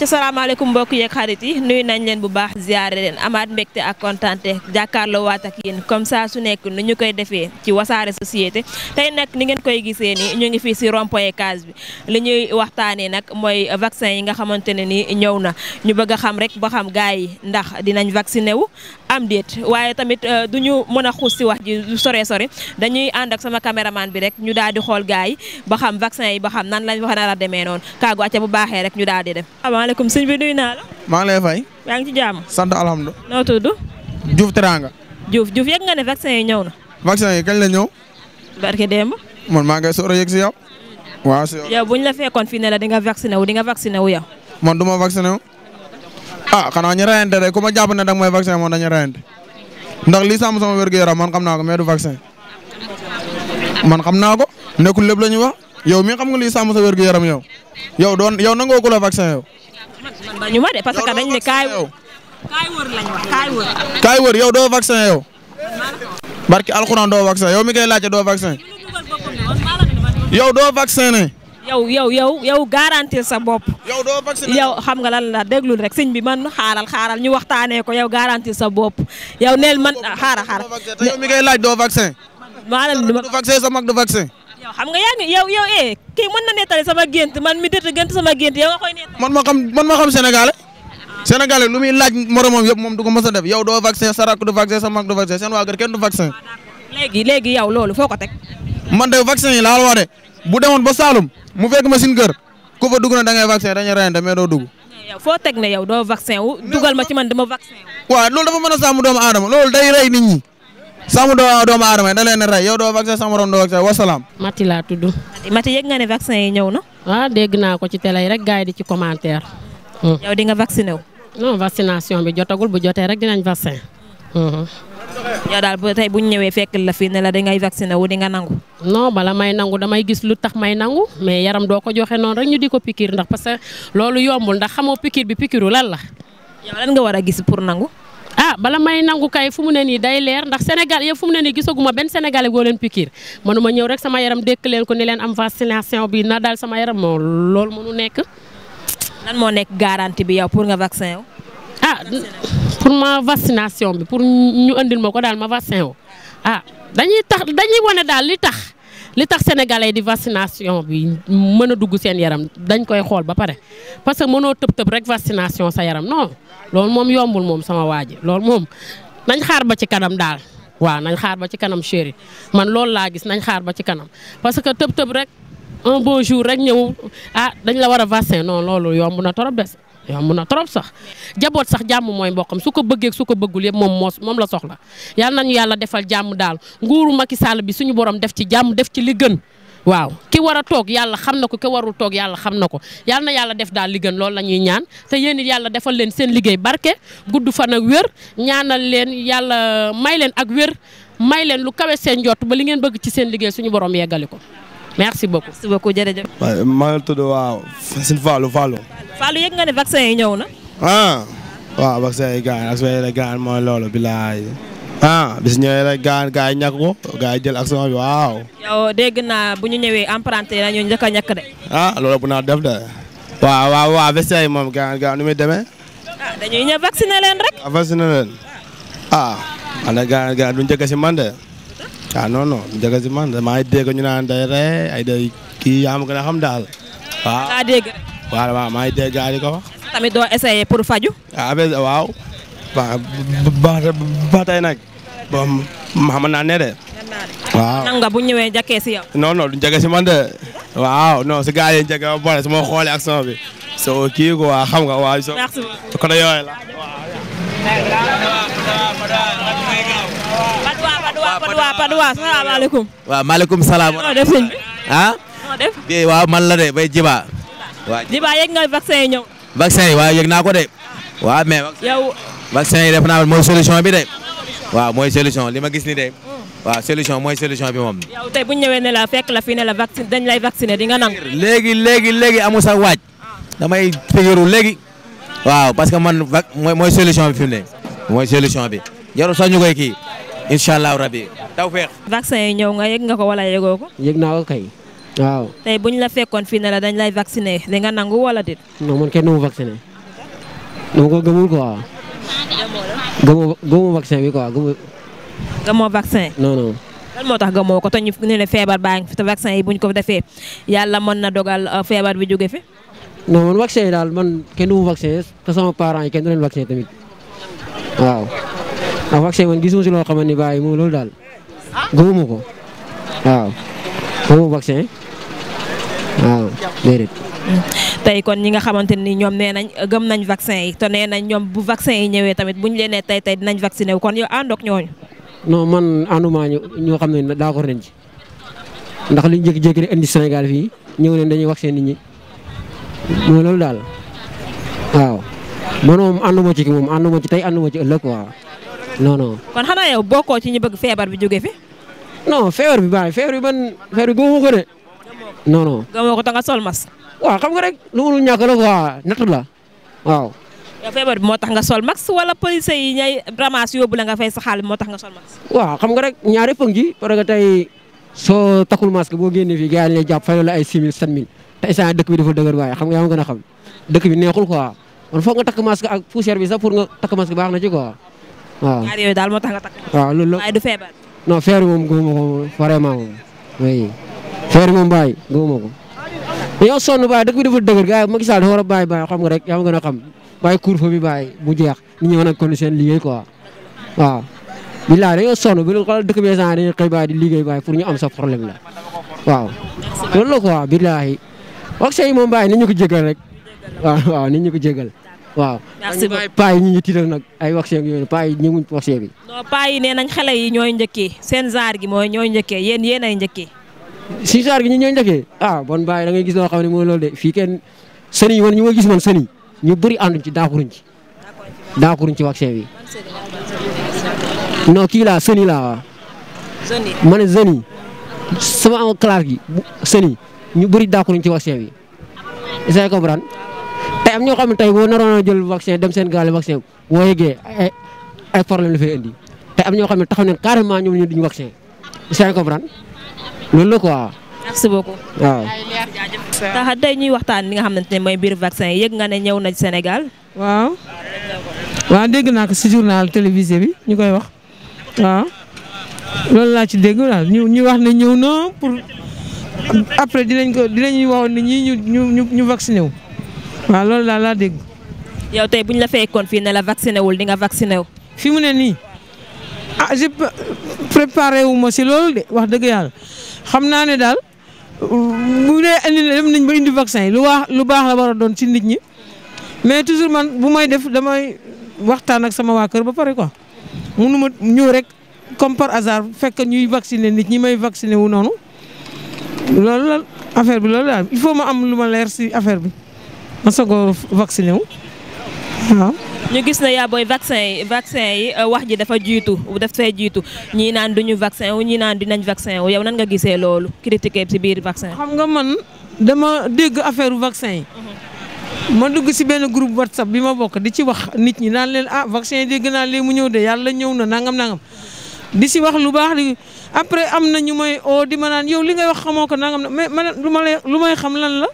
acca salaamaaleykum mbokk yeeg xarit yi nuyu nañ leen bu baax ziare leen amaat mbégte ak kontante jàkkaarloo waat ak yéen comme ça su nekk nu ñu koy defee ci wasaare société tey nag ni ngeen koy gisee nii ñu ngi fii si rond-point case bi li ñuy waxtaanee nag mooy vaccin yi nga xamante ne ni ñëw na ñu bëgg xam rek ba xam gars yi ndax dinañ vacciné wu am déet waaye tamit euh, du ñu mën a xuus si wax ji du sore sore dañuy ànd ak sama caméraman bi rek ñu daal di xool gars yi ba xam vaccin yi ba xam nan lañ wax nar demee noonu kaagu acca bu baaxee rek ñu daal di dem asalaamaaleykum sëñ bi nuyu naa la. maa ngi lay fay. yaa ngi ci jàmm. sant alhamdulilah. noo tudd. Diouf Teranga. Diouf Diouf yëg nga ne vaccin yi ñëw na. vaccin yi kañ la ñëw. barke démb. man maa ngay soor a yëg si yow. waaw si yow bu ñu la fekkoon fii ne la di nga vacciné wu di nga vacciné wu yow. man du ma vacciné wu. ah xanaa ñu reyante rek ku ma jàpp ne dag mooy vaccin moom dañu reyante ndax lii sàmm sama wér gu yaram man xam naa ko mais du vaccin man xam naa ko nekkul lépp la ñuy wax yow mi xam nga lii sàmm sa wér gu yaram yow yow doon yow nangoo ku la vaccin yow man bañu ma de parce que dañ ne kaay kaay wër lañ wax kaay wër. kaay wër yow doo vaccin yow. barki alxuraan doo vaccin yow mi koy laajte doo vaccin. yow doo vacciné. yow yow yow yow garantir sa bop yow doo vacciné yow xam nga lan la déglul rek sëñ bi man xaaral xaaral ñu waxtaanee ko yow garantir sa bopp yow neel man xaaral xaaral. yow mi koy laaj doo vaccin. maanaam du vaccin sa mag du vaccin. yow xam nga yaa ngi yow yow eh kii mën na nettali sama gént man mi dëtt gént sama gént yow nga koy nettali. man ma xam man ma xam sénégalais ah. sénégalais lu muy laaj moromam yëpp moom du ko mës a def yow doo vaccin sa rakk du vaccin sa mag du vaccin seen waa kër kenn du vaccin. Ah, léegi léegi yow loolu foo ko teg. man de vaccin yi laa la wax de bu demoon ba Saalum mu fekk ma sin kër ku fa dugg na da ngay vaccin dañuy reyante mais doo dugg. yow foo teg ne yow doo vaccin wu dugal ma ci man dama vaccin wu. waaw a sàmm doomu aadama loolu day rey nit ñi sàmm doo doomu aadama da leen rey yow doo vaccin sama morom doo vaccin wasalaam. Mati laa tudd. Mati yëg nga ne vaccin yi ñëw na. waaw ah, dégg naa ko ci télé rek gars yi di ci commentaire. Hmm. yow di nga vacciné wu. non vaccination bi jotagul bu jotee rek dinañ vaccin. Hmm. yow daal bu tey bu ñëwee fekk la fii ne la dangay vacciné wu di nga nangu. non bala may nangu damay gis lu tax may nangu mais yaram doo ko joxe noonu rek ñu di ko pikiir ndax parce que loolu yombul ndax xamoo pikiir bi pikiiru lan la. yow lan nga war a gis pour nangu. ah bala may nangu kay fu mu ne nii day leer ndax Sénégal yëpp fu mu ne nii gisaguma benn sénégalais boo leen pikiir mënuma ñëw rek sama yaram dékk leen ko ni leen am vaccination bi na daal sama yaram moo loolu mënu nekk. lan moo nekk garanti bi yow pour nga vaccin wu. ah pour ma vaccination bi pour ñu andil ma ko daal ma vaccin wu a ah, dañuy tax dañuy wane daal li tax. li tax sénégalais di vaccination bi mën a dugg seen yaram dañ koy xool ba pare parce que mënoo tëb tëb rek vaccination sa yaram no loolu moom yombul moom sama waa ji loolu moom nañ xaar ba ci kanam daal waaw nañ xaar ba ci kanam chéri man loolu laa gis nañ xaar ba ci kanam parce que tëb tëb rek un bon jour rek ñëw ah dañ la war a vaccin no loolu yomb na trop des mun a trop sax jaboot sax jàmm mooy mbokkam su ko bëggee su ko bëggul yëpp moom moo moom la soxla yal nañu yàlla defal jàmm daal nguuru Macky Sall bi suñu borom def ci jàmm def ci li gën waaw ki war a toog yàlla xam na ko ki warul toog yàlla xam na ko yal yàlla def daal li gën loolu la ñuy ñaan te yéen it yàlla defal leen seen liggéey barke gudd fan ak wér ñaanal leen yàlla may leen ak wér may leen lu kawe seen njott ba li ngeen bëgg ci seen liggéey suñu borom yeggali ko merci beaucoup merci beaucoup jërëjëf. waaye waaw Sine Fallou Fallou. Fallou yëg nga ne vaccin yi ñëw na. ah waaw vaccin yi gaan ak loolu bilaay ah bis ñëwee rek gaan gars yi ñàkk ko jël action bi waaw. yow naa bu ñu ñëwee emprunté na ñu njëkk de. ah loolu bu naa def de. waaw waaw waaw vaccin yi moom gaan gaan nu muy demee. ah dañuy leen rek. ah vacciner leen ah. ana gaan gaan du njëkk si man ah non non Ndiaga Zimane damaa ay day kii yaa ma a xam daal. waaw daa dégg rek. ko tamit doo essayer pour faju ah, waaw. ba ba ba tey nag. waaw nan bu ñëwee njëkkee si yow. non non du waaw non si gars yi njëkkee ba boole su ma bi. soo kii quoi xam nga waaw. merci beaucoup côté yooyu la. waaw Padois Padois salaamaaleykum. waaw maaleykum salaam. noo bi. Ah? waaw man la de bay Jiba. waa Jiba yëg ye vaccin yi ñëw. vaccin yi waaw yëg naa ko de. waaw mais. yow vaccin yi def naa mooy solution bi de. waaw mooy solution li ma gis ni de. waaw solution mooy solution bi moom. yow tey bu ñëwee ne la fekk la fi ne la vaccin dañ lay vacciner di nga nangu. léegi léegi léegi amu sax waaj. damay figéru léegi. waaw parce que man vac mooy solution bi fi mu mooy solution bi jarul sax ñu koy kii. incha allahu rabi tawfeex. vaccin yi ñëw nga yég nga ko wala yëgoo ko. yëg naa ko kay. waaw. tey bu la fekkoon fii ne la dañ lay vacciner di nga nangu wala dit non man kenn du mu vacciné. dama ko gëmul quoi. gëmoo gëmoo vaccin bi quoi gëmoo. gëmoo vaccin. moo tax gëmoo ko te ñu feebar baa ngi fi te vaccin yi buñ ko defee yàlla mën na dogal euh, feebar bi jóge fi. non man vaccin yi daal man kenn du mu vacciné te sama parents yi kenn du leen vacciné tamit waaw. a ah, vaccin man gisuma si loo xamante ni bàyyi moom loolu daal gëmuma ko waaw gëmuma vaccin waaw déedéet. tey kon ñi nga xamante ni ñoom nee nañ gëm nañ vaccin yi te nee nañ ñoom bu vaccin yi ñëwee tamit bu ñu leen nee tey tey dinañ vacciné wu kon yow àndoog ñooñu. non man ànduma ñoo xam ne d'accord nañ ci ndax liñ jékki-jékki rek indi Sénégal fii ñëw leen dañuy vaccin ni ñi mooy loolu daal waaw man moom ànduma ci moom ànduma ci tey ànduma ci ëllëg waaw. non kon xanaa yow bokkoo ci ñu bëgg feebar bi jóge fi. non feebar bi baax feebar bi man feebar bi gëmuma ko de. non non. ko te nga sol masque. waaw xam nga rek lu mu ñàkk la quoi natt la waaw. yow feebar bi moo tax nga sol masque wala police yi ñay ramas yóbbu la nga fay sa moo tax nga sol masque. waaw xam ga rek ñaari pëng yi parce que tey soo takul masque boo génnee fii gars yi lay jàpp fayal la ay 6 000 7 000 te instant dëkk bi dafa dëgër waaye xam nga yaa ma gën a dëkk bi neexul quoi man foog nga takk masque ak poussière bi baax na ci waaw ñaar daal moo tax nga takk. waaw loolu la waaye du feebar. non feebar moom gëmuma ko vraiment moom. oui feebar moom bàyyi gëmuma ko. yow sonn bàyyi dëkk bi dafa dëgër gars yi Macky a bàyyi bàyyi xam nga rek yaa gën a xam bàyyi couvre-feu bi bàyyi mu jeex nit ñi mën a kon seen liggéey quoi waaw. bilaay dañoo sonn bu ñu xoolal dëkk bi di liggéey bàyyi pour ñu am sa problème la waaw. loolu la quoi bilaay moom bàyyi nit ñu ko jégal rek waaw waaw ko jégal waaw merci beaucoup paa yi ñu ngi tiital nag ay wax seeg yooyu paa yi ñëwuñ wax seeg yi non paa yi ñooy njëkkee seen genre gi mooy ñooy njëkkee yéen yéen ay njëkkee si genre gi ñu ñooy njëkkee ah bon baay da ngay gis loo xam ne mooy loolu de fii kenn sëni ñu ma gis man sëni ñu bëri ànduñ ci daakuruñ ci daakuruñ ci vaccin bi non kii laa sëni laa waaw ma ne sëni sama am classe gi sëni ñu bëri daakuruñ ci vaccin bi est-ce am ñoo xam ne tey boo naroon a jël vaccin dem seen gaale vaccin boo yeggee ay ay problème la fay indi te am ñoo xam ne taxaw ne carrément ñoom ñu duñ vaccin c'est comprendre loolu la quoi. merci beaucoup. waaw tax tey ñuy waxtaan li nga xamante ne mooy biir vaccin yëg nga ne ñëw na Sénégal. waaw. waaw dégg naa ko si bi ñu koy wax waaw loolu laa ci dégg daal ñu wax ne ñëw na pour après dinañ ko dinañ waxoon ni ñi ñu ñu ñu vacciné wu. waa loolu daal laa dégg. yow tey bu ñu la fekkoon fii ne la vacciné wul di nga vacciné wu. fi mu ne nii ah je préparé si loolu de wax dëgg yàlla xam naa ne daal bu dee indi dem nañ ba indi vaccin yi lu baax lu baax la war a doon ci nit ñi mais toujours man bu may def damay waxtaan ak sama waa kër ba pare quoi munu ma ñëw rek comme par hasard fekk ñuy vacciner nit ñi may vacciner wu noonu loolu la affaire bi loolu daal il faut ma am lu ma leer si affaire bi. ma soog vacciné wu waaw. Ah. ñu gis na yaa booy vaccin yi vaccin yi euh, wax ji dafa jiitu daf fay jiitu ñii naan duñu vaccin wu ñii naan dinañ vaccin wu yow nan nga gisee loolu critiqué ci biir vaccin. xam nga man dama dégg affaire vaccin yi. Mhm. ma dugg si benn groupe whatsapp bi ma bokk di ci wax nit ñi naan leen ah vaccin yi dégg naa léegi mu ñëw de yàlla ñëw na nangam nangam. di si wax lu baax di après am na ñu may oo di ma naan yow li ngay wax xamoo ko nangam mais man lu ma lay lu may xam lan la.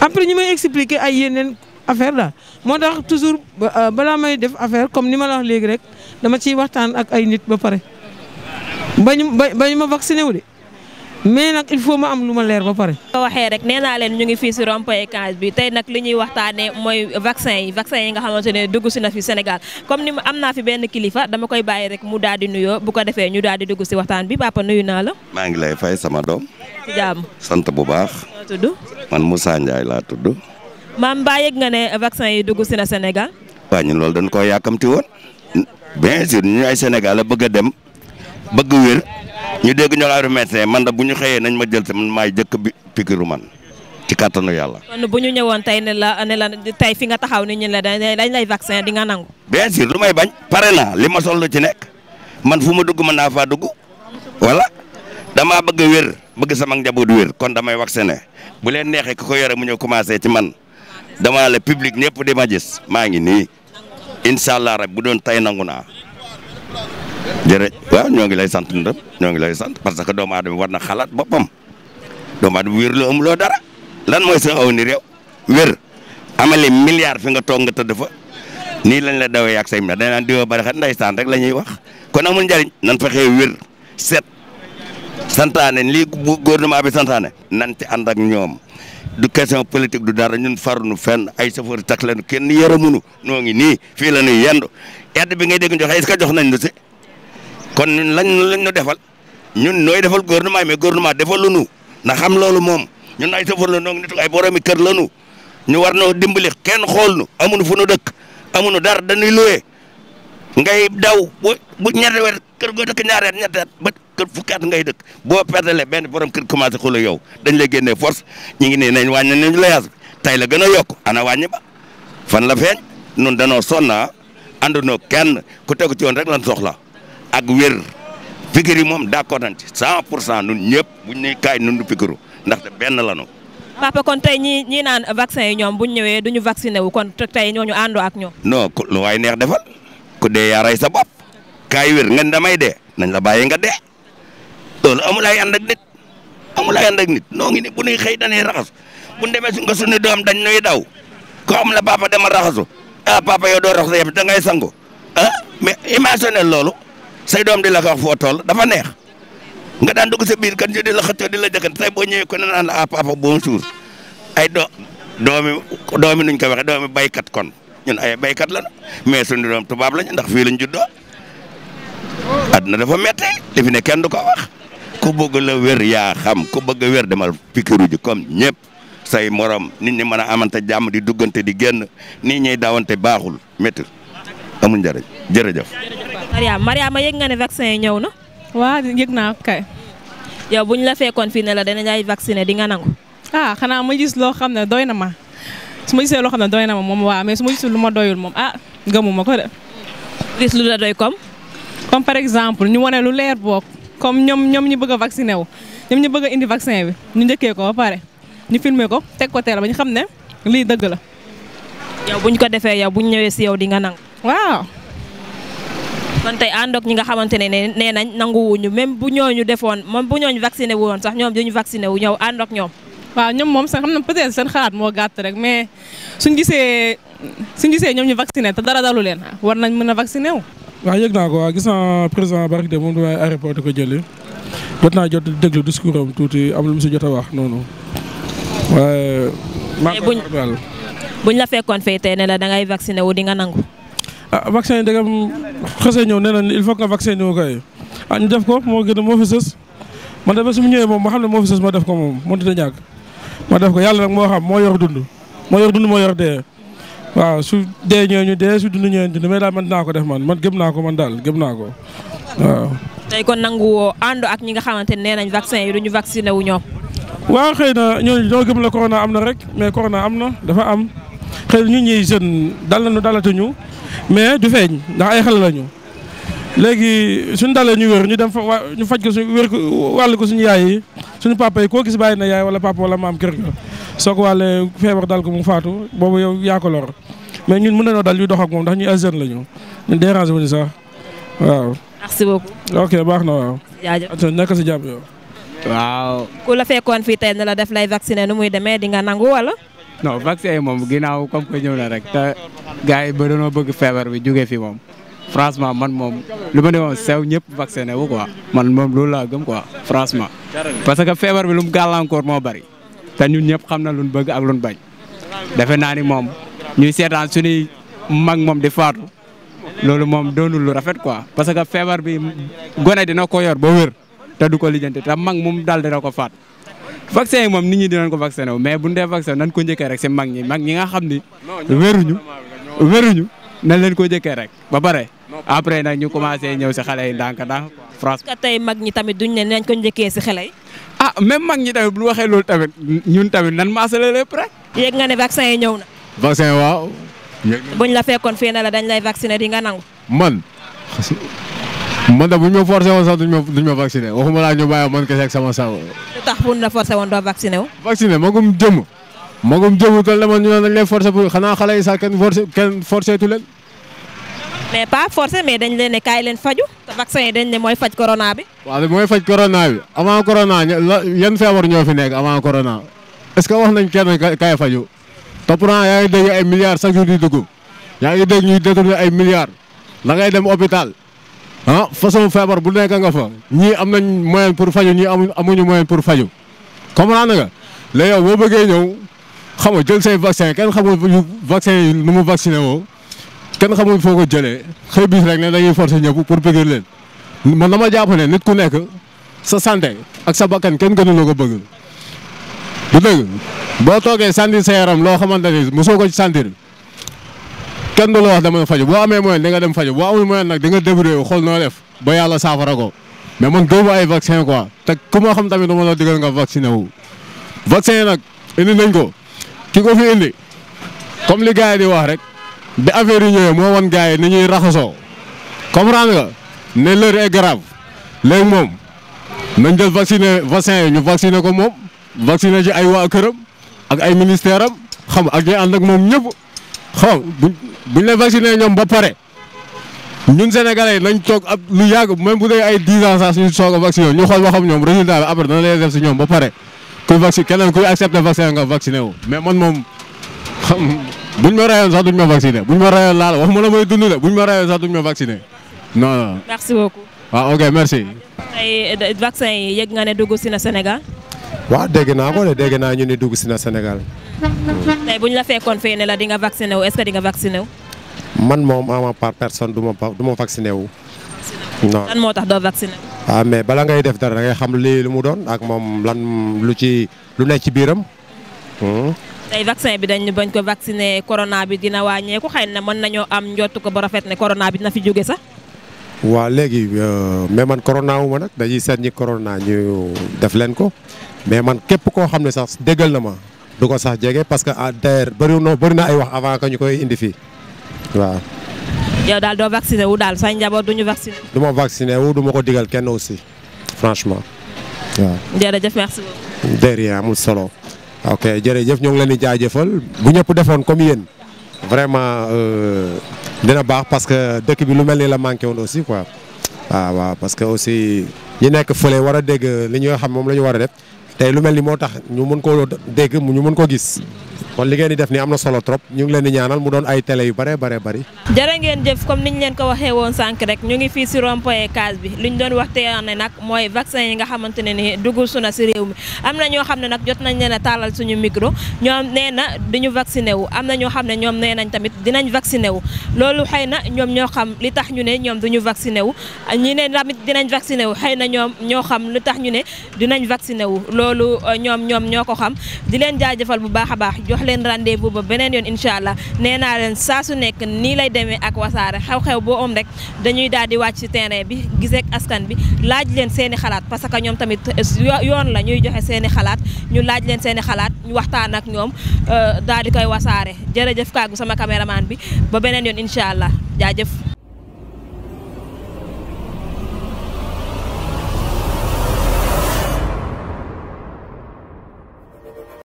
après ñu may expliquer ay yeneen affaire daal moo tax toujours euh, balaa may def affaire comme ni ma la léegi rek dama ciy waxtaan ak ay nit ba pare ba ñu ba ñu ma vacciné wu de mais nag il faut ma am lu ma leer ba pare. ko waxee rek nee naa leen ñu ngi fii si rond-point bi tey nag li ñuy waxtaanee mooy vaccin yi vaccin yi nga xamante ne dugg si na fi Sénégal comme ni am naa fi benn kilifa dama koy bàyyi rek mu daal di nuyoo bu ko defee ñu daal di dugg si waxtaan bi papa nuyu naa la. maa ngi lay fay sama doom. ci sant bu baax. noo tudd. man Moussa Ndiaye laa tudd. maam Ba yëg nga ne vaccin yi dugg si na Sénégal. waa ñun loolu dañ koo yàkkamti woon. bien sûr ñu ay Sénégal a bëgg a dem bëgg wér. ñu dégg ñu laaru médecin man da bu ñu xëyee nañ ma jël te man maay jëkk bi pikiru man ci kàttanu yàlla. kon bu ñu ñëwoon tey ne la ne la tey fi nga taxaw ni ñu la dañ lay vaccin di nga nangu. bien sûr lu may bañ pare naa li ma soxla ci nekk man fu ma dugg mën naa faa dugg wala damaa bëgg wér bëgg sama njaboot wér kon damay vacciné bu leen neexee ku ko yore mu ñëw commencé ci man dama la public ñëpp di ma maa ngi nii incha allah rek bu doon tey nangu naa. jërëj waaw ñoo ngi lay sant ndam ñoo ngi lay sant parce que doomu aadama war na xalaat boppam doomu aadama wér loo amuloo dara lan mooy sa aw ni réew wér amale milliard fi nga toog nga tëdd fa nii lañ la dawee ak say mi dañ naan diwa bari xat ndeysaan rek la ñuy wax kon amul njariñ nan fexee wér set santaane lii bu gouvernement bi santaane nan ci ànd ñoom du question politique du dara ñun farunu fenn ay chauffeur tax lañu kenn yërëmunu noo ngi nii fii la ñuy yendu aide bi nañ kon ñun lañ lañ ñu defal ñun nooy defal gouvernement mais gouvernement defal lu nu na xam loolu moom ñun ay safar la noog nitu ay boromi kër la nu ñu war noo dimbali kenn xool nu amuñu fu nu dëkk amunu dara dañuy luwee ngay daw bu bu wet kër goo dëkk ñaari at ñetti at ba ngay dëkk boo perdele benn borom kër commencé xuloo yow dañ lay génnee force ñu ngi ne ne wàññi nañ loyaas la tey la gën a yokk ana wàññi ba fan la feeñ nun danoo sonna àndunoo kenn ku tegu ci woon rek lan soxla ak wér pikir yi moom d'accord nañ ci cent pour cent ñun ñëpp buñ ne kaay nun du pikiru ndaxte benn lanu papa kon tey ñi ñi naan vaccin yi ñoom buñ ñëwee duñu wu kon tey ñooñu àndoo ak ñoom non lu waay neex defal ku dee yaa rey sa bopp kaay wér ngeen damay dee nañ la bàyyi nga dee loolu amu ay ànd ak nit amul ay ànd ak nit noo ngi ni bu nuy xëy danay raxasu bu demee su nga suñu doom dañ nuy daw ko am la papa dama raxasu ah papa yow doo raxasu yëpp da ngay sangu ah mais imagine say doom di la ko foo toll dafa neex nga daan dugg sa biir kan ñu di la xëccoo di la jëkkan tey boo ñëwee ko ne naan la ah papa bonjour ay do doomi doomi nuñ ko waxee doomi baykat kon ñun ay baykat la mais suñu doom tubaab lañ ndax fii lañ juddoo àdduna dafa métti li fi ne kenn du ko wax ku bëgg la wér yaa xam ku bëgg a wér demal pikiru ji ñëpp say morom nit ñi mën a amante jàmm di duggante di génn nii ñuy daawante baaxul métti amul njëriñ jërëjëf Mariama Mariama yëg nga ne vaccin yi ñëw na. waaw yëg naa kay. yow bu ñu la fekkoon fii la dana ay vacciné di nga nangu. ah xanaa ma gis loo xam ne doy na ma su ma gisee loo xam ne doy na ma moom waa mais su ma gisul lu ma doyul moom ah gëmu ko de. gis lu la doy comme. comme par exemple ñu wane lu leer boog comme ñoom ñoom ñu bëgg a vacciné wu ñoom ñu bëgg indi vaccin bi ñu njëkkee ko ba pare ñu filmé ko teg ko teel ba ñu xam ne lii dëgg la. yow bu ñu ko defee yow bu ñu ñëwee si yow di nga nangu. kon tey ànd ak ñi nga xamante ne nee nañ nanguwuñu même bu ñooñu defoon moom bu ñooñu vacciné wu woon sax ñoom duñu vacciné wu ñëw ànd ak ñoom. waaw ñoom moom sax xam na peut-être seen xalaat moo gàtt rek mais suñ gisee suñ gisee ñoom ñu vacciné te dara dalu leen war nañ mën a vacciné wu. waaw yëg naa ko waaw gis naa président Barke de moom damay aéroport di ko jëlee jot naa jot déglu discours am tuuti am lu mu si jot a wax noonu. waaye maa ngi buñ la fekkoon fay tey ne la dangay vacciné wu di nga nangu. ah vaccin yi da nga xasee ñëw nee na il faut wu kay ah ñu ko moo gën a moo fi sës man su mu ñëwee moom ma xam ne moo fi sës def ko moom mënut a ñàkk ma def ko yàlla moo xam moo yor dund moo yor moo yor dee waaw su dee ñëwee ñu dee su dund ñëwee daal man dinaa ko def man man gëm naa ko man daal gëm naa ko waaw. kon nangu ànd ak ñi nga xamante ne nee nañ vaccin yi du ñu vacciné wu ñoom. waaw xëy na ñoo ñooñu ñoo gëm la corona am na rek mais corona am na dafa am xëy na ñun ñii jeune dal nañu dalatuñu mais du feeñ ndax ay xale lañu léegi suñu dalee ñu wér ñu dem fa ñu faj ko suñu wér ko wàll ko suñu yaay yi suñu papa yi koo gis bàyyi na yaay wala papa wala maam kër ga soo ko wàllee feebar dal ko mu faatu boobu yow yaa ko lor mais ñun mën nañoo dal ñuy dox ak moom ndax ñu jeune lañu ñun dérange wu ñu sax waaw. merci beaucoup. ok baax na si jàmm yow. ku la fekkoon fii tey ne la def lay vacciner nu muy demee di nga nangu wala. non vaccin yi moom ginnaaw comme que ñëw na rek te gars yi ba doonoo bëgg feebar bi jógee fi moom franchement man moom lu ma ne moom sew ñëpp vacciné wu quoi man moom loolu laa gëm quoi franchement. parce que feebar bi lu mu gàllankoor moo bari te ñun ñëpp xam na lu ñu bëgg ak lu ñu bañ defe naa ni moom ñuy seetaan suñuy mag moom di faatu loolu moom doonul lu rafet quoi parce que feebar bi gone dina ko yor ba wér te du ko lijjanti te mag moom daal dina ko faat. vaccin yi moom nit ñi dinañ ko vacciné wu mais bu ñu dee vaccin nañ ko njëkkee rek si mag ñi mag ñi nga xam ni wéruñu wéruñu nañ leen ko njëkkee rek ba pare après nag ñu commencé ñëw si xale yi ndànk ndànk France. ka tey mag ñi tamit duñ ne nañ ko njëkkee si xale yi. ah même mag ñi tamit bu waxee loolu tamit ñun tamit nan maasale lépp rek. yéeg nga ne vaccin yi ñëw na. vaccin waaw. buñ la fekkoon fii ne la dañ lay vacciner di nga nangu. man. man da bu ma forcé woon sax duñ ma duñ ma vacciné waxuma laa ñu bàyyi man kese ak sama sago. lu tax bu ñu la woon doo vacciné wu. vacciné magum jëm magum jëm kon la man ñu naan dañ lay forcé pour xanaa xale yi sax kenn forcé kenn leen. mais pas forcé mais dañ leen faju te vaccin yi dañ ne mooy faj corona bi. waaw mooy faj corona bi avant corona yan feebar ñoo fi nekk avant corona est-ce que wax nañ kenn kaay faju te pourtant yaa ngi dégg ay milliards chaque jour di dugg yaa dégg ñuy détourné ah façon feebar bu nekk nga fa ñii am nañ moyen pour faju ñii amuñu moyen pour faju comprendre nga léegi yow boo bëggee ñëw xam nga jël say vaccin kenn xamul vaccin yi nu mu vacciné woo kenn xamul foo ko jëlee xëy bis rek ne dañuy forcer ñëpp pour piqûre leen man na ma ne nit ku nekk sa sante ak sa bakkan kenn gënu la ko bëgg. du boo toogee sentir sa yaram loo xamante ni soo ko sentir kenn du la wax dama faju boo amee moyen di nga dem faju boo amul moyen nag di nga débrouiller noo def ba yàlla saafara ko mais man gëw ay vaccin quoi te ku ma xam tamit dama la digal nga vacciné wu. vaccin yi nag indi nañ ko ki ko fi indi comme li gars yi di wax rek bi affaire yi ñëwee moo wan gars yi ni ñuy raxasoo comprendre nga ne l'heure est grave moom nañ jël vacciné vaccin yi ñu vacciné ko moom vacciné ci ay waa këram ak ay ministère am xam ak ñi ànd ak moom ñëpp. xaw buñ buñ la vacciné ñoom ba pare ñun sénégalais nañ toog ab lu yàgg même bu dee ay 10 ans sax suñu soog a ñu xool ba ñoom résultat bi après dana lay def si ñoom ba pare kuy vacciné keneen kuy accepté moom xam buñ ma rayoon sax duñ ma vacciné buñ ma rayoon laal wax ma la may dund de buñ ma rayoon sax duñ ma vacciné non non. merci beaucoup. waaw ah, ok merci. ay eh, vaccin yëg nga ne dugg si na Sénégal. waaw dégg naa dégg naa ñu ne dugg si na Sénégal. bu ñu la fekkoon fii ne la di nga vacciné wu est-ce que di nga vacciné wu. man moom ama par personne du ma du ma vacciné wu. moo tax doo vacciné wu. Ah, bala ngay def dara da ngay xam lii lu mu doon ak moom lan lu ci lu nekk ci biiram. Hmm? tey vaccin bi dañ bañ ko vacciner corona bi dina wàññeeku xëy na mën nañoo am njottu ko ba rafet ne corona bi dina fi jóge sax. waaw léegi euh, mais man corona wu ma nag dañuy seet ñi corona ñu def leen ko mais man képp koo xam ne sax déggal na ma. du ko sax jege parce que d'ailleurs bëri na bëri na ay wax avant que ñu koy indi fii waaw. yow daal doo vacciné wu daal say njaboot du ñu vacciné. du ma vacciné wu du ma ko digal kenn aussi franchement waaw. jërëjëf merci beaucoup. de amul solo. ok jërëjëf ñoo ngi leen di jaajëfal bu ñëpp defoon comme yéen vraiment euh, dina baax parce que dëkk bi lu mel ni la manqué woon aussi quoi waaw ah, waaw parce que aussi ñu nekk fële war a dégg li ñoo xam moom la ñu war a def. te lu mel ni moo tax ñu mën koo dégg ñu mën ko gis kon li ngeen di def ni am na solo trop ñu ngi leen di ñaanal mu doon ay télé yu bare bare bari jërë jëf comme niñ leen ko waxee woon sànq rek ñu ngi fii si rond-point case bi liñ doon waxtaane nag mooy vaccin yi nga xamante ne ni dugul suna si réew mi am na ñoo xam ne nag jot nañ leen a taalal suñu micro ñoom nee na duñu vacciné wu am na ñoo xam ne ñoom nee nañ tamit dinañ vacciné wu loolu xëy na ñoom ñoo xam li tax ñu ne ñoom duñu vacciné wu ñi ne tamit dinañ vacciné wu xëy na ñoom ñoo xam li tax ñu ne dinañ vacciné wu loolu ñoom ñoom ñoo ko xam di leen jaajëfal bu baax a baax leen rendez-vous ba beneen yoon incha allah nee naa leen saa su nekk nii lay demee ak wasaare xew-xew boo am rek dañuy daal di wàcc ci terrain bi gisee ak askan bi laaj leen seeni xalaat parce que ñoom tamit yoon la ñuy joxe seeni xalaat ñu laaj leen seen i xalaat ñu waxtaan ak ñoom euh, daal di koy wasaare jërëjëf kàggu sama caméraman bi ba beneen yoon incha allah jaajëf.